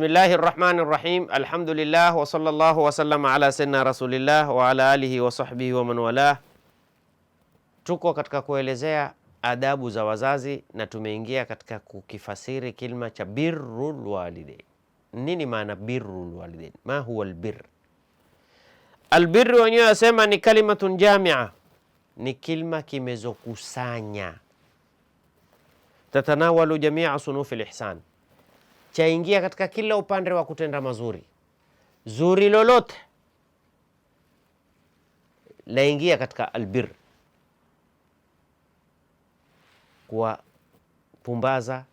Bismillahi rahmani rahim. Alhamdulillah wa sallallahu wa ala sayyidina rasulillah wa alihi wa wamanwalah Tuko katika kuelezea adabu za wazazi na tumeingia katika kukifasiri kilma cha birrul walidain. Nini maana birrul walidain? Ma huwa albir? albiri wenyewe asema ni kalimatun jamia, ni kilma kimezokusanya tatanawalu jamia sunufi lihsan chaingia katika kila upande wa kutenda mazuri. Zuri lolote laingia katika albir, kuwapumbaza,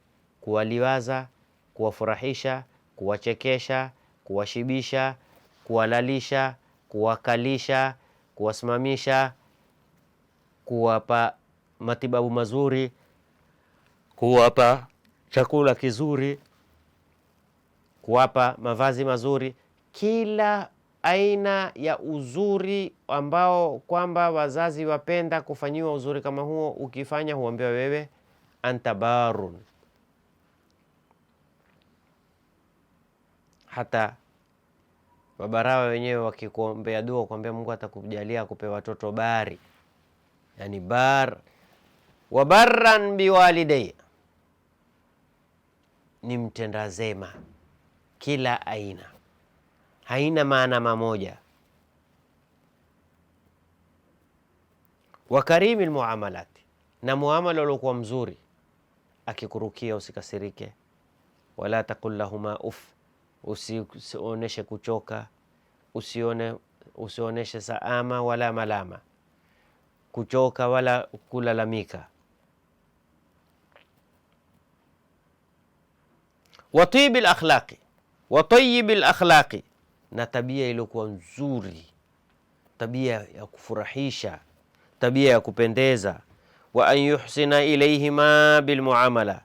kuwaliwaza, kuwafurahisha, kuwachekesha, kuwashibisha, kuwalalisha, kuwakalisha, kuwasimamisha, kuwapa matibabu mazuri, kuwapa chakula kizuri kuwapa mavazi mazuri, kila aina ya uzuri ambao kwamba wazazi wapenda kufanyiwa uzuri kama huo, ukifanya huambiwa wewe antabarun Hata wabarawa wenyewe wakikuombea dua, kuambia Mungu atakujalia akupe watoto bari, yani bar wa barran biwalidayya, ni mtenda zema kila aina, haina maana mamoja. Wakarimi lmuamalati, na muamala uliokuwa mzuri, akikurukia usikasirike, wala takul lahuma uf, usioneshe kuchoka, usione usioneshe saama wala malama, kuchoka wala kulalamika. Watibi lakhlaqi wa tayyibil akhlaqi, na tabia iliyokuwa nzuri, tabia ya kufurahisha, tabia ya kupendeza. Wa an yuhsina ilayhima bilmuamala,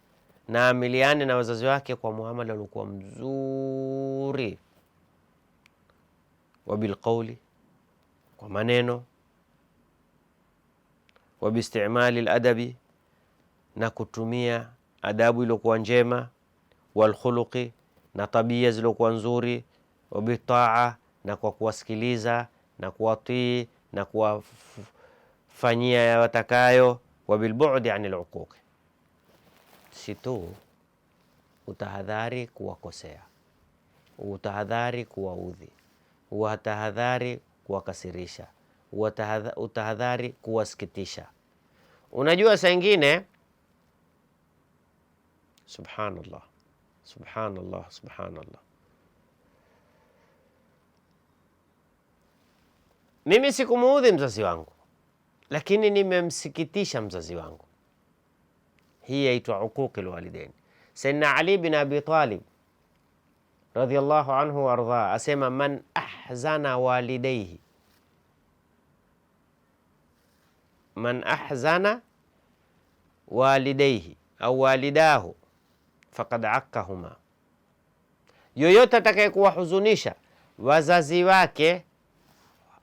na amiliane na wazazi wake kwa muamala uliokuwa mzuri. Wa bilqauli, kwa maneno. Wa bistimali ladabi, na kutumia adabu iliyokuwa njema. Walkhuluqi na tabia zilizokuwa nzuri, wabitaa, na kwa kuwasikiliza na kuwatii na kuwafanyia yawatakayo, wabilbudi ani luquqi, si tu utahadhari kuwakosea, utahadhari kuwaudhi, utahadhari kuwakasirisha, utahadhari kuwasikitisha. Unajua saa ingine subhanallah Subhanallah, subhanallah. Mimi sikumuudhi mzazi wangu, lakini nimemsikitisha mzazi wangu. Hii yaitwa uquqi lwalidain. Saidna Ali bin Abi Talib radhiallahu anhu waardhaa asema, man ahzana walidaihi, man ahzana walidaihi au walidahu fakad akkahuma, yoyote atakayekuwahuzunisha wazazi wake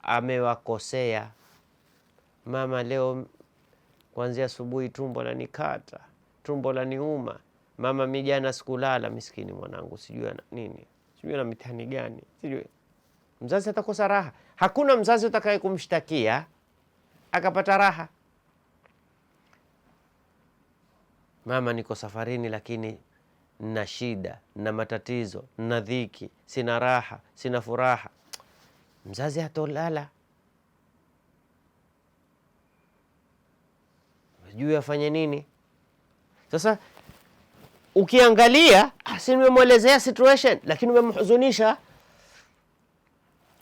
amewakosea. Mama leo kuanzia asubuhi tumbo lanikata, tumbo laniuma, mama mi jana sikulala, miskini mwanangu, sijui ana nini, sijui ana mitihani gani, sijui mzazi atakosa raha. Hakuna mzazi utakaye kumshtakia akapata raha. Mama niko safarini, lakini na shida na matatizo na dhiki, sina raha, sina furaha, mzazi hatolala, hajui afanye nini. Sasa ukiangalia, ah, si nimemwelezea situation, lakini umemhuzunisha.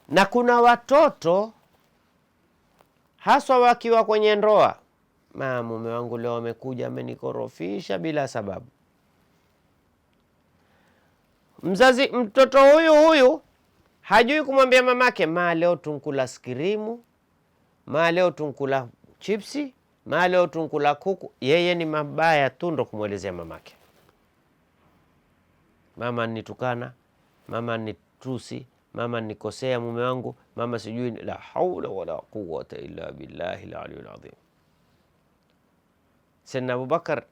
Na kuna watoto haswa wakiwa kwenye ndoa, mume wangu leo amekuja amenikorofisha bila sababu Mzazi mtoto huyu huyu hajui kumwambia mamake, ma leo tunkula skirimu, ma leo tunkula chipsi, ma leo tunkula kuku. Yeye ni mabaya tu ndo kumwelezea mamake, mama nitukana, mama nitusi, mama nikosea mume wangu, mama sijui. La haula wala quwwata illa billahi al-aliyyil azim. Abubakar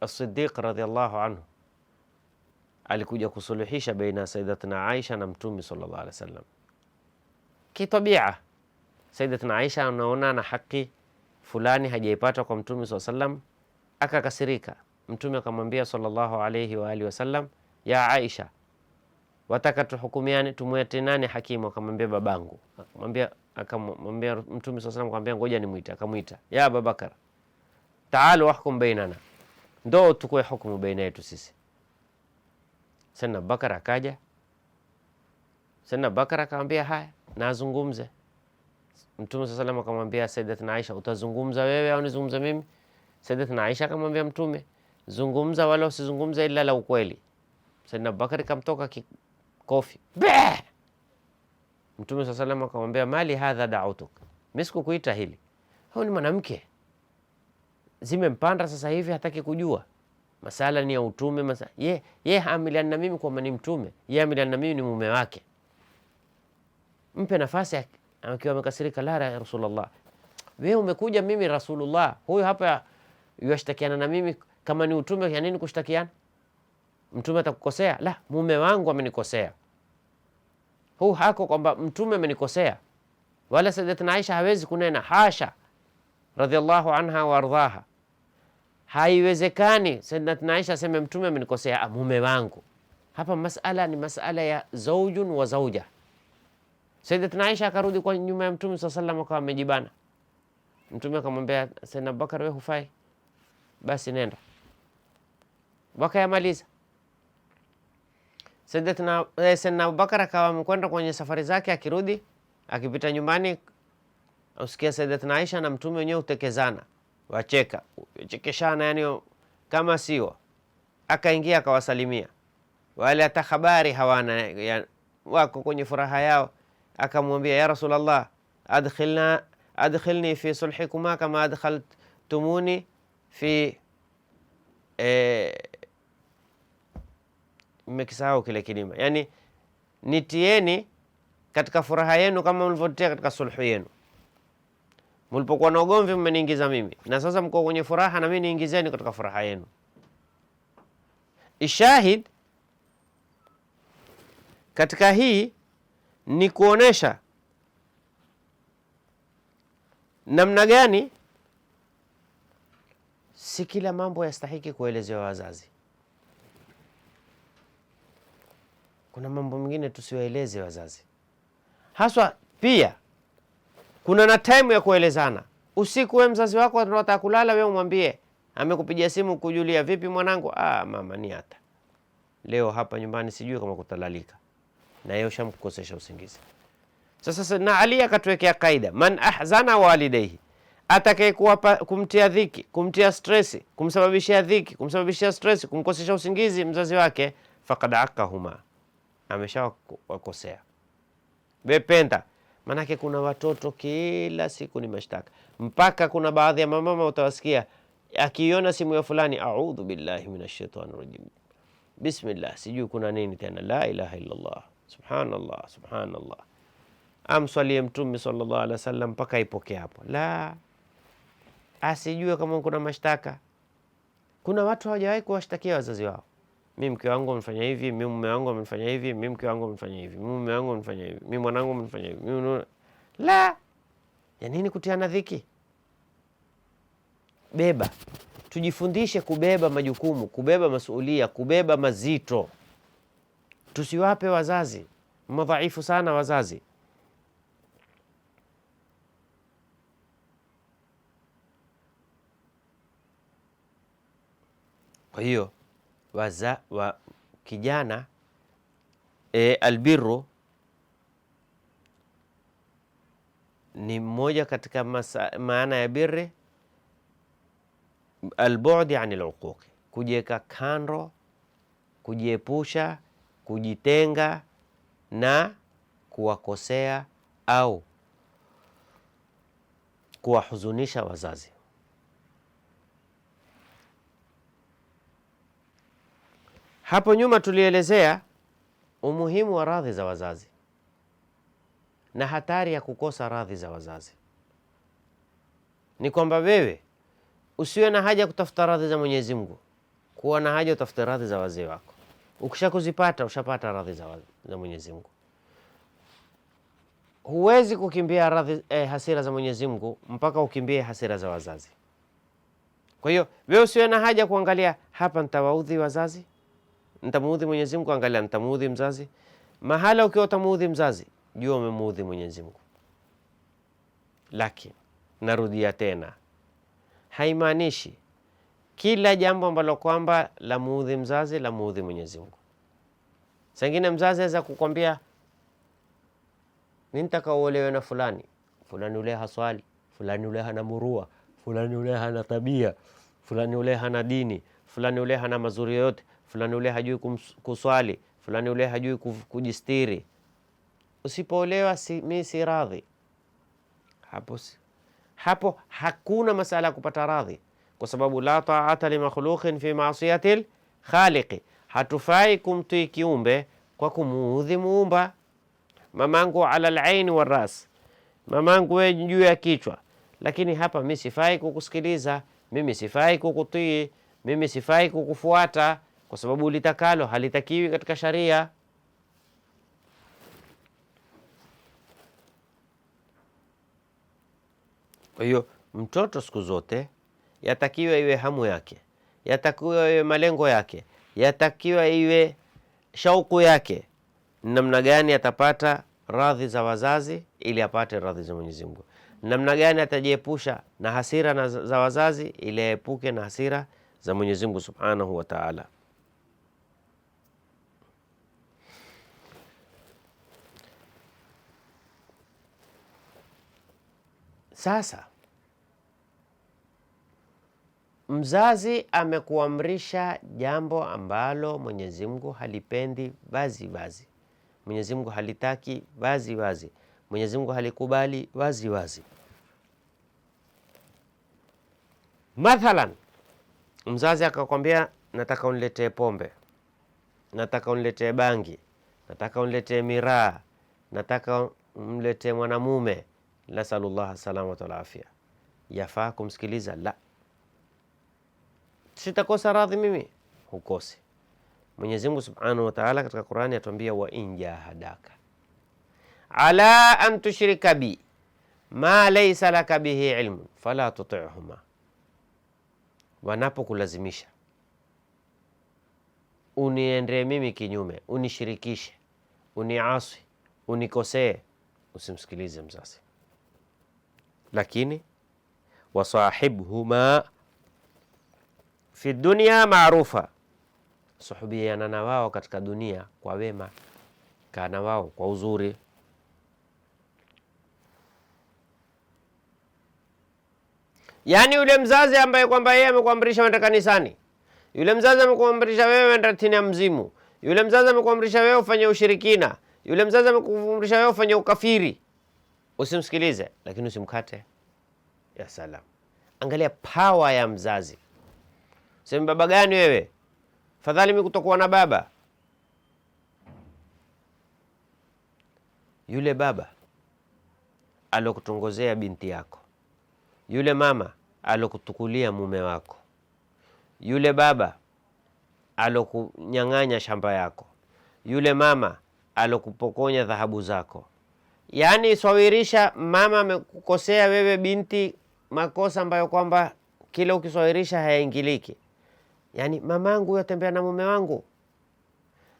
As-Siddiq anhu alikuja kusuluhisha baina ya Sayyidatuna Aisha na Mtume sallallahu alaihi wasallam. Kitabia Sayyidatuna Aisha anaona na haki fulani hajaipata kwa Mtume sallallahu alaihi wasallam, akakasirika. Mtume akamwambia sallallahu alaihi wa alihi wasallam, ya Aisha, wataka tuhukumiane, tumwete nani hakimu? Akamwambia babangu. Akamwambia akamwambia Mtume sallallahu alaihi wasallam, akamwambia ngoja nimuite. Akamwita ya Abubakar, taalu wahkum bainana, ndo tukue hukumu baina yetu sisi Saidna Abubakar akaja. Saidna Abubakar akamwambia haya, nazungumze. Mtume saa salam akamwambia Saidatina Aisha, utazungumza wewe au nizungumza mimi? Saidatina Aisha akamwambia Mtume, zungumza wala usizungumza ila la ukweli. Saidna Abubakar kamtoka kikofi. Mtume saa salam akamwambia mali hadha dautuk, mi sikukuita hili. Huyu ni mwanamke, zimempanda sasa hivi, hataki kujua masala ni ya utume masala. Ye, ye haamiliani na mimi kwamba ni mtume, ye haamiliani na mimi ni mume wake. Mpe nafasi akiwa amekasirika, La ya Rasulullah, wewe umekuja mimi Rasulullah, huyu hapa yashtakiana na mimi kama ni utume, ya nini kushtakiana? Mtume atakukosea? La, mume wangu amenikosea. Huu hako kwamba mtume amenikosea, wala Sayyidatina Aisha hawezi kunena, hasha, radhiallahu anha wa waardhaha Haiwezekani Sayyidatina aseme mtume amenikosea ah, mume wangu. Hapa masala ni masala ya zaujun wa zauja. Sayyidatina akarudi kwa nyuma ya mtume saa salam akawa amejibana. Mtume akamwambia Sayyidina Abubakar, hufai, basi nenda. Wakayamaliza. Sayyidina eh, Abubakar akawa amekwenda kwenye safari zake, akirudi akipita nyumbani, usikia Sayyidatina Aisha na mtume wenyewe utekezana wacheka chekeshana, yani kama sio. Akaingia akawasalimia wale, hata habari hawana ya, wako kwenye furaha yao. Akamwambia, ya Rasulullah, adkhilna adkhilni fi sulhikuma kama adkhaltumuni fi mmekisahau eh, kile kilima, yani nitieni katika furaha yenu kama mlivyotia katika sulhu yenu. Mlipokuwa na ugomvi mmeniingiza mimi, na sasa mko kwenye furaha na mimi niingizeni katika furaha yenu. Ishahid katika hii ni kuonesha namna gani si kila mambo yastahiki kuelezewa wazazi. Kuna mambo mengine tusiwaeleze wazazi, haswa pia kuna na time ya kuelezana. Usiku wewe mzazi wako anataka kulala, wewe umwambie, amekupigia simu kujulia vipi mwanangu? Ah, mama ni hata leo hapa nyumbani sijui kama kutalalika, na yeye ushamkosesha usingizi. Sasa na Ali akatuwekea kaida, man ahzana walidayhi, atakaye kumtia dhiki, kumtia stress, kumsababishia dhiki, kumsababishia stress, kumkosesha usingizi mzazi wake, faqad akahuma, ameshawakosea bependa Maanake kuna watoto kila siku ni mashtaka, mpaka kuna baadhi ya mamama utawasikia akiiona simu ya fulani, audhu billahi minash rajim, bismillah, sijui kuna nini tena, la ilaha illallah, subhanallah, subhanallah, amswalie Mtume sallallahu alaihi wasallam mpaka ipoke hapo. La, asijue kama kuna mashtaka. Kuna watu hawajawahi kuwashtakia wazazi wao mi mke wangu amefanya hivi, mi mume wangu amefanya hivi, mi mke wangu amefanya hivi, mi mume wangu amefanya hivi, mi mwanangu amefanya hivi, mi la ya nini kutiana dhiki? Beba, tujifundishe kubeba majukumu, kubeba masuulia, kubeba mazito. Tusiwape wazazi madhaifu sana wazazi. Kwa hiyo waza, wa, kijana e, albiru ni mmoja katika masa, maana ya birri albudi ani luquqi kujiweka kando, kujiepusha, kujitenga na kuwakosea au kuwahuzunisha wazazi. Hapo nyuma tulielezea umuhimu wa radhi za wazazi na hatari ya kukosa radhi za wazazi. Ni kwamba wewe usiwe na haja ya kutafuta radhi za Mwenyezi Mungu, kuwa na haja utafute radhi za wazee wako. Ukisha kuzipata ushapata radhi za, za Mwenyezi Mungu. Huwezi kukimbia radhi, eh, hasira za Mwenyezi Mungu mpaka ukimbie hasira za wazazi. Kwa hiyo wewe usiwe na haja kuangalia hapa nitawaudhi wazazi nitamuudhi Mwenyezi Mungu. Angalia, nitamuudhi mzazi. Mahala ukiwa utamuudhi mzazi, jua umemuudhi Mwenyezi Mungu. Lakini narudia tena, haimaanishi kila jambo ambalo kwamba la muudhi mzazi la muudhi Mwenyezi Mungu. Sangine mzazi aweza kukwambia nintaka uolewe na fulani fulani, ule haswali fulani, ule hana murua fulani, ule hana tabia fulani, ule hana dini fulani, ule hana mazuri yoyote fulani ule hajui kuswali, fulani ule hajui kujistiri. Usipoolewa si, mi si radhi hapo, hapo hakuna masala ya kupata radhi, kwa sababu la taata limakhluqin fi maasiyatil khaliqi, hatufai kumtii kiumbe kwa kumuudhi muumba. Mamangu ala laini waras, mamangu we juu ya kichwa, lakini hapa mi sifai kukusikiliza, mimi sifai kukutii, mimi sifai kukufuata kwa sababu litakalo halitakiwi katika sharia. Kwa hiyo mtoto siku zote yatakiwa iwe hamu yake, yatakiwa iwe malengo yake, yatakiwa iwe shauku yake, namna gani atapata radhi za wazazi ili apate radhi za Mwenyezi Mungu, namna gani atajiepusha na hasira na za wazazi ili aepuke na hasira za Mwenyezi Mungu Subhanahu wa Ta'ala. Sasa mzazi amekuamrisha jambo ambalo Mwenyezi Mungu halipendi wazi wazi, Mwenyezi Mungu halitaki wazi wazi, Mwenyezi Mungu halikubali wazi wazi. Mathalan, mzazi akakwambia, nataka uniletee pombe, nataka uniletee bangi, nataka uniletee miraa, nataka umletee mwanamume nasalullah salamat walafia. Yafaa kumsikiliza? La, sitakosa radhi mimi, hukose mwenyezimngu subhanahu wataala katika Qurani atuambia, wa injahadaka ala an tushrika bi ma laisa laka bihi ilmun fala tuti'huma, wanapokulazimisha uniendee mimi kinyume, unishirikishe, uniaswi, unikosee, usimsikilize mzazi lakini wasahibhuma fi dunia maarufa, suhubiana na wao katika dunia kwa wema, kana wao kwa uzuri. Yaani yule mzazi ambaye kwamba yeye amekuamrisha wenda kanisani, yule mzazi amekuamrisha wewe wenda tini ya mzimu, yule mzazi amekuamrisha wewe ufanye ushirikina, yule mzazi amekuamrisha wewe ufanye ukafiri Usimsikilize lakini usimkate. Ya salam. Angalia pawa ya mzazi. Sema baba gani wewe? Fadhali mimi kutokuwa na baba. Yule baba alokutongozea binti yako, yule mama alokutukulia mume wako, yule baba alokunyang'anya shamba yako, yule mama alokupokonya dhahabu zako Yaani swawirisha, mama amekukosea wewe binti makosa ambayo kwamba kila ukiswawirisha hayaingiliki. Yaani mamangu yatembea na mume wangu,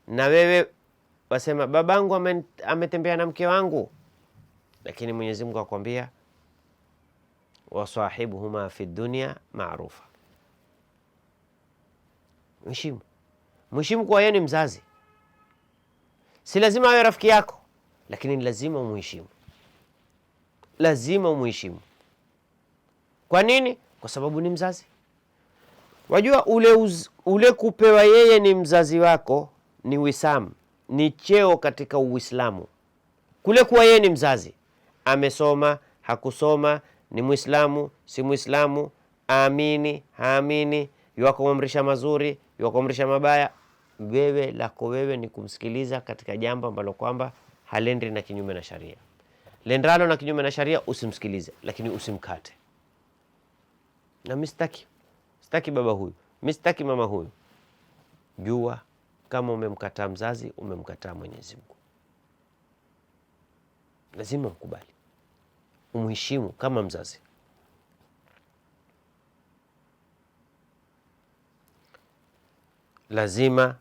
na wewe wasema babangu ametembea na mke wangu, lakini Mwenyezi Mungu akwambia wasahibuhuma fi dunia marufa mwishimu mwishimu kwa yeye ni mzazi, si lazima awe rafiki yako lakini lazima umuheshimu, lazima umuheshimu. Kwa nini? Kwa sababu ni mzazi. Wajua ule, uz, ule kupewa yeye ni mzazi wako ni wisamu, ni cheo katika Uislamu. Kule kuwa yeye ni mzazi, amesoma hakusoma, ni Mwislamu si Mwislamu, aamini haamini, yuwakuamrisha mazuri, yuwakuamrisha mabaya, wewe lako wewe ni kumsikiliza katika jambo ambalo kwamba halendi na kinyume na sharia. lendalo na kinyume na sharia usimsikilize, lakini usimkate. Na mistaki sitaki baba huyu, mistaki mama huyu, jua kama umemkataa mzazi umemkataa Mwenyezi Mungu. Lazima mkubali, umheshimu kama mzazi. Lazima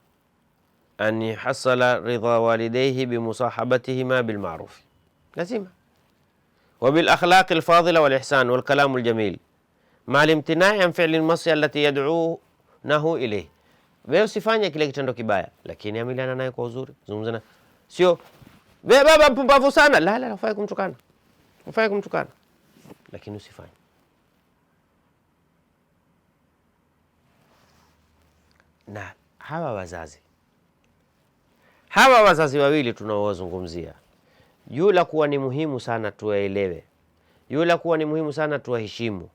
أن يحصل رضا والديه بمصاحبتهما بالمعروف لازمة وبالأخلاق الفاضلة والإحسان والكلام الجميل مع الامتناع عن فعل المصية التي يدعونه إليه بيو سيفانيا كليك تندو كبايا لكن يامي لانا نايك وزوري زمزنا سيو بيو بابا بابو سانا لا لا وفايكم تكان وفايكم تكان لكن سيفانيا na hawa wazazi Hawa wazazi wawili tunaowazungumzia, juu la kuwa ni muhimu sana tuwaelewe, juu kuwa ni muhimu sana tuwaheshimu,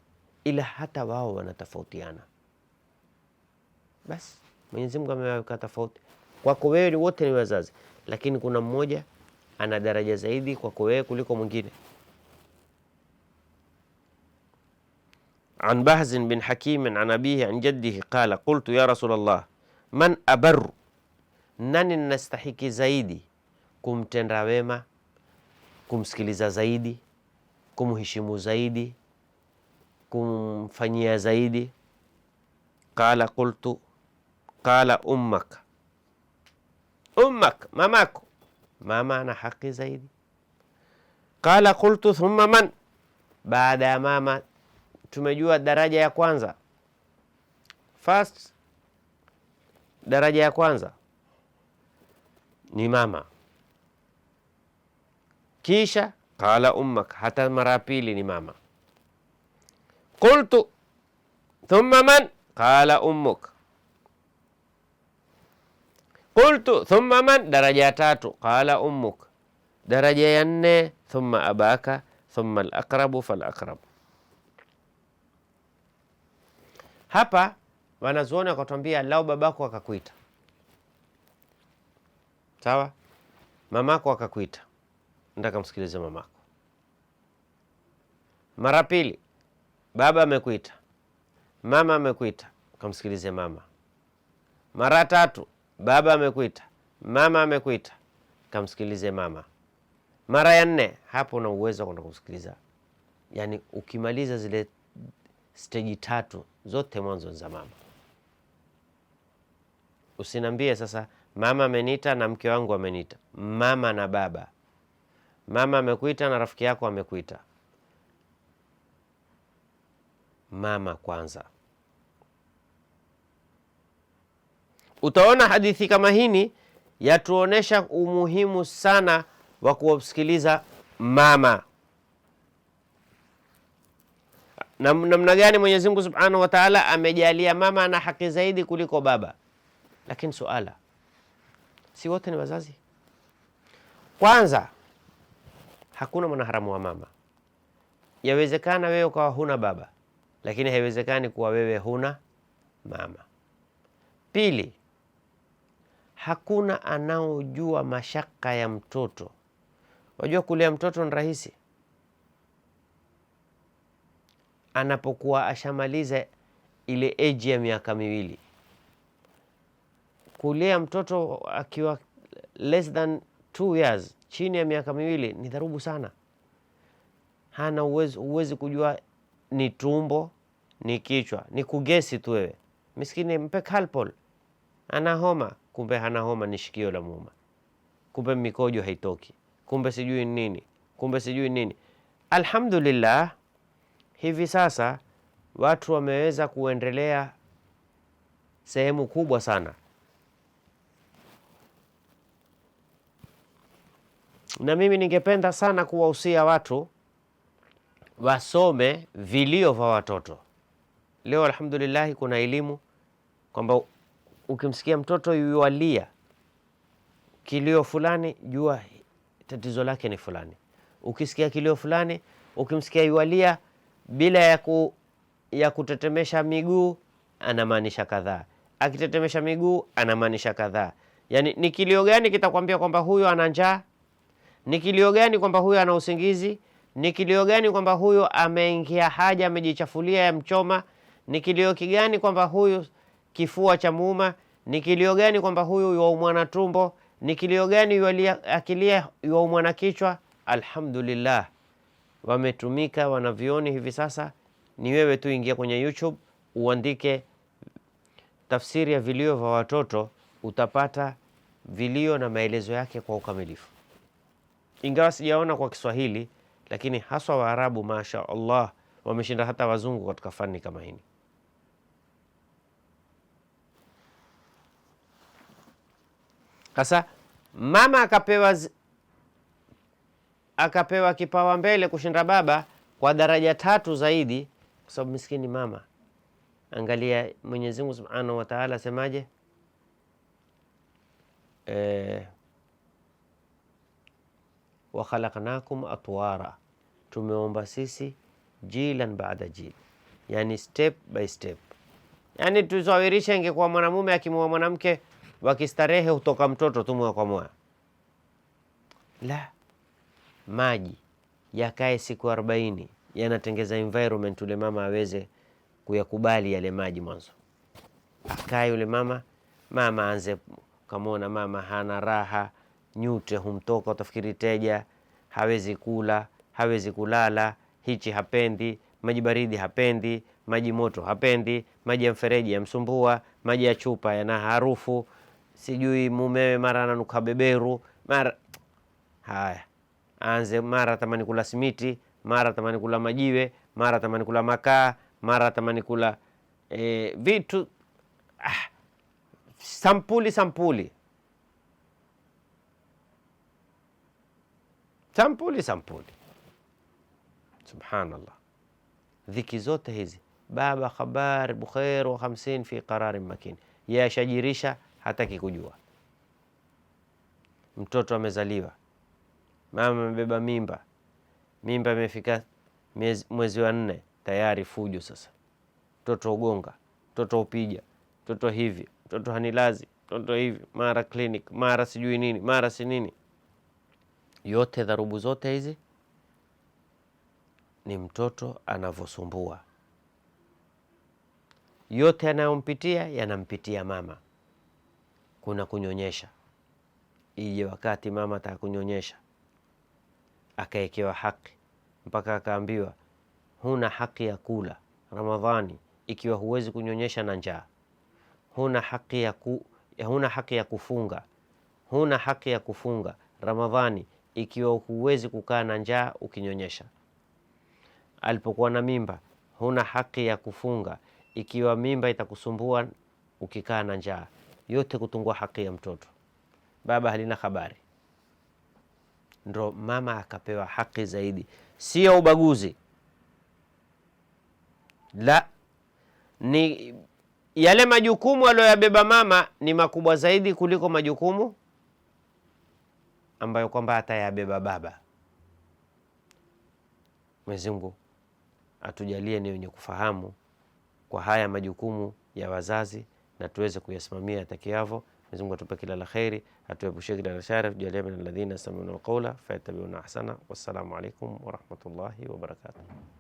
ila hata wao wanatofautiana. Basi Mwenyezi Mungu amewaweka tofauti. Kwako wewe wote ni wazazi, lakini kuna mmoja ana daraja zaidi kwako wewe kuliko mwingine. An Bahzin bin Hakimin an abihi an jaddihi qala qultu ya rasulullah man abarru nani ninastahiki zaidi kumtenda wema, kumsikiliza zaidi, kumheshimu zaidi, kumfanyia zaidi. Qala qultu, qala ummak, ummak, mamako, mama ana haki zaidi. Qala qultu thumma man, baada ya mama tumejua daraja ya kwanza, first daraja ya kwanza ni mama. Kisha qala ummak, hata mara pili ni mama. Qultu thumma man, qala ummuk. Qultu thumma man, daraja ya tatu, qala ummuk. Daraja ya nne, thumma abaka, thumma alaqrabu falaqrab. Hapa wanazuoni wakatwambia, lau babako akakuita Sawa, mamako akakuita, nataka kamsikilize mamako. Mara pili, baba amekuita, mama amekuita, kamsikilize mama. Mara tatu, baba amekuita, mama amekuita, kamsikilize mama. Mara ya nne, hapo una uwezo wa kwenda kumsikiliza. Yaani ukimaliza zile steji tatu zote mwanzo za mama, usiniambie sasa mama amenita na mke wangu amenita mama na baba, mama amekuita na rafiki yako amekuita. Mama kwanza. Utaona hadithi kama hini yatuonesha umuhimu sana wa kuwasikiliza mama na namna gani Mwenyezi Mungu Subhanahu wa Ta'ala amejalia mama na haki zaidi kuliko baba, lakini suala si wote ni wazazi? Kwanza, hakuna mwanaharamu wa mama. Yawezekana wewe ukawa huna baba, lakini haiwezekani kuwa wewe huna mama. Pili, hakuna anaojua mashaka ya mtoto. Wajua kulea mtoto ni rahisi anapokuwa ashamaliza ile eji ya miaka miwili kulea mtoto akiwa less than two years, chini ya miaka miwili ni dharubu sana. Hana uwezo, huwezi kujua ni tumbo ni kichwa, ni kugesi tu wewe. Miskini mpe Calpol, ana homa, kumbe hana homa, ni shikio la muuma, kumbe mikojo haitoki, kumbe sijui nini, kumbe sijui nini. Alhamdulillah, hivi sasa watu wameweza kuendelea sehemu kubwa sana Na mimi ningependa sana kuwahusia watu wasome vilio vya watoto. Leo alhamdulillahi kuna elimu kwamba ukimsikia mtoto yualia kilio fulani, jua tatizo lake ni fulani. Ukisikia kilio fulani, ukimsikia yualia bila ya, ku, ya kutetemesha miguu, anamaanisha kadhaa. Akitetemesha miguu, anamaanisha kadhaa. Yani ni kilio gani kitakwambia kwamba huyu ana njaa? Ni kilio gani kwamba huyo ana usingizi? Ni kilio gani kwamba huyo ameingia haja, amejichafulia ya mchoma? Ni kilio kigani kwamba huyu kifua cha muuma? Ni kilio gani kwamba huyu yaumwa na tumbo? Ni kilio gani akilia yaumwa na kichwa? Alhamdulillah, wametumika wanavioni hivi sasa. Ni wewe tu ingia kwenye YouTube uandike tafsiri ya vilio vya watoto, utapata vilio na maelezo yake kwa ukamilifu ingawa sijaona kwa Kiswahili, lakini haswa Waarabu masha Allah wameshinda hata wazungu katika fani kama hini Sasa mama akapewa z... akapewa kipawa mbele kushinda baba kwa daraja tatu zaidi, kwa sababu miskini mama. Angalia Mwenyezi Mungu Subhanahu wa Ta'ala asemaje? eh wa khalaqnakum atwara, tumeomba sisi jilan baada jil, yani step by step. Yani tusawirishe, ingekuwa mwanamume akimwoa mwanamke wakistarehe hutoka mtoto tumwa kwa moya la maji yakae siku arobaini, yanatengeza environment ule mama aweze kuyakubali yale maji. Mwanzo akae yule mama mama, anze kamwona mama hana raha, nyute humtoka, utafikiri teja hawezi kula, hawezi kulala, hichi hapendi, maji baridi hapendi, maji moto hapendi, maji ya mfereji yamsumbua, maji ya chupa yana harufu, sijui mumewe mara ananuka beberu, mara haya anze, mara tamani kula simiti, mara tamani kula majiwe, mara tamani kula makaa, mara tamani kula e, vitu ah, sampuli sampuli sampuli sampuli. Subhanallah, dhiki zote hizi baba khabari bukhair wa hamsin fi qararin makin, yashajirisha hataki kujua. Mtoto amezaliwa, mama amebeba mimba, mimba imefika mwezi wa nne, tayari fujo sasa. Mtoto ugonga, mtoto upija, mtoto hivi, mtoto hanilazi, mtoto hivi, mara clinic, mara sijui nini, mara si nini yote dharubu zote hizi ni mtoto anavyosumbua, yote yanayompitia yanampitia mama. Kuna kunyonyesha, ije wakati mama atakunyonyesha akaekewa haki mpaka akaambiwa huna haki ya kula Ramadhani ikiwa huwezi kunyonyesha na njaa, huna haki ya ku, huna haki ya kufunga, huna haki ya kufunga Ramadhani ikiwa huwezi kukaa na njaa ukinyonyesha. Alipokuwa na mimba, huna haki ya kufunga ikiwa mimba itakusumbua ukikaa na njaa. Yote kutungua haki ya mtoto, baba halina habari, ndo mama akapewa haki zaidi, sio ubaguzi la ni yale majukumu aliyoyabeba mama ni makubwa zaidi kuliko majukumu ambayo kwamba atayabeba baba. Mwenyezi Mungu atujalie ni wenye kufahamu kwa haya majukumu ya wazazi na tuweze kuyasimamia yatakiavyo. Mwenyezi Mungu atupe kila la kheri, atuepushe kila la shari, tujalie min alladhina yastami'una alqawla fayattabi'una ahsana. Wassalamu alaykum wa rahmatullahi wa barakatuh.